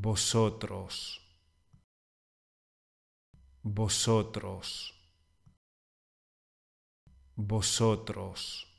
vosotros, vosotros, vosotros.